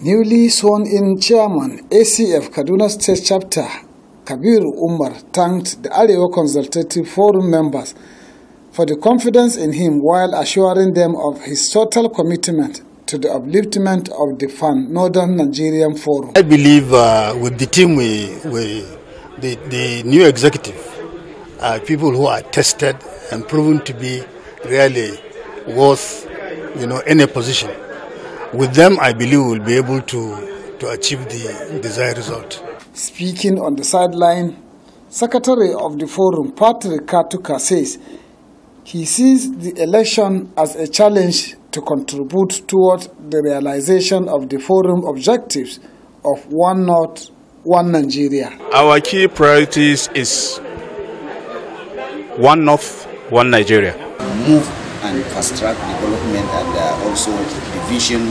Newly sworn in chairman ACF Kaduna State Chapter Kabir Umar thanked the Aliwa Consultative Forum members for the confidence in him while assuring them of his total commitment to the upliftment of the fund. Northern Nigerian Forum. I believe uh, with the team, we, we the, the new executive are uh, people who are tested and proven to be really worth you know, any position. With them, I believe we'll be able to, to achieve the desired result. Speaking on the sideline, Secretary of the Forum, Patrick Katuka, says he sees the election as a challenge to contribute toward the realization of the Forum objectives of One North, One Nigeria. Our key priorities is One North, One Nigeria. Move and fast-track development and uh, also the vision,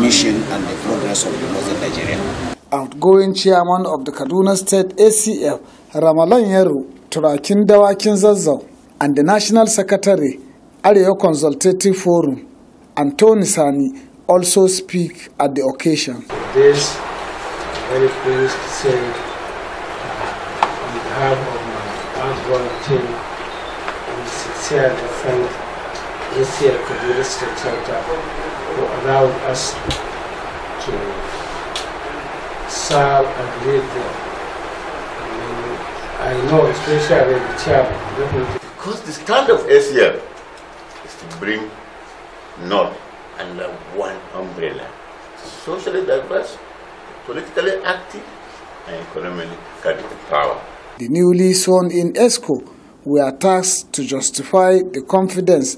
mission and the progress of the northern Nigeria. Outgoing chairman of the Kaduna State ACF, Ramalan Yero, Turakin Dawakin and the National Secretary, Ario Consultative Forum, Antoni Sani, also speak at the occasion. This, very pleased to say, on behalf of my outgoing team, I sincerely thank instead of the listed setup will allowed us to serve and lead them. I, mean, I know, especially the chairman, definitely. Because the stand of ACL is to bring North under one umbrella. Socially diverse, politically active, and economically credible power. The newly sworn in ESCO were tasked to justify the confidence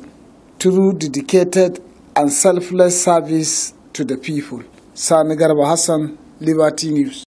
through dedicated and selfless service to the people. Sani Garba Hassan, Liberty News.